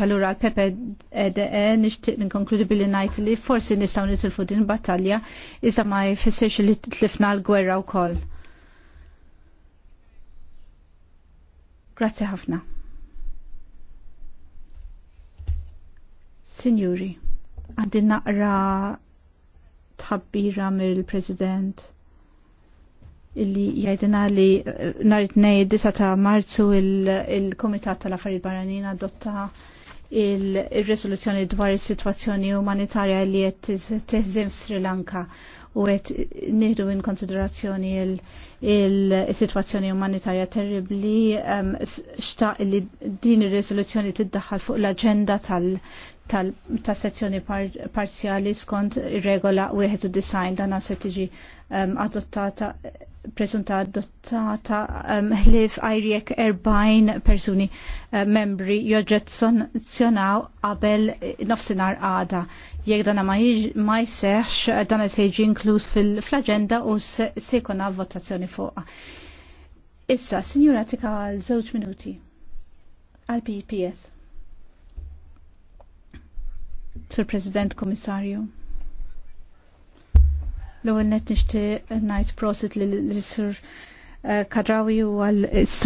ċalura l-Pepe EDE nishtiq ninkonkludi billi najt li forsi nistaw nitilfu din battalja iżda ma jfissirx li tlifna l-gwerra u koll. Grazie ħafna. Signori, għandin naqra tħabbira mill-President illi jajdina li eh, nar it-nej 9 ta' marzu il-Komitat il tal-Affarijiet Barranin adotta il-resoluzzjoni il dwar is-sitwazzjoni umanitarja li qed teħżim f'Sri Lanka u qed nieħdu in konsiderazzjoni il-sitwazzjoni il umanitarja terribli um, xtaq li din ir-resoluzzjoni tiddaħħal fuq l-aġenda tal-Konferenza ta' sezzjoni parzjali skont regola design, dana se tiġi um, adottata prezenta adottata hlif um, għajriek erbajn persuni uh, membri sonzjonaw qabel eh, nofsinar għada. Jek dana ma jseħx dana se jiġi inkluż fil-agenda u se votazzjoni fuqa. Issa, signora tika għal żewġ minuti. Al PPS. Sir President Komissarju. L-ewwel net nixtieq ngħid prosit lil Sir eh, Kadrawi u għal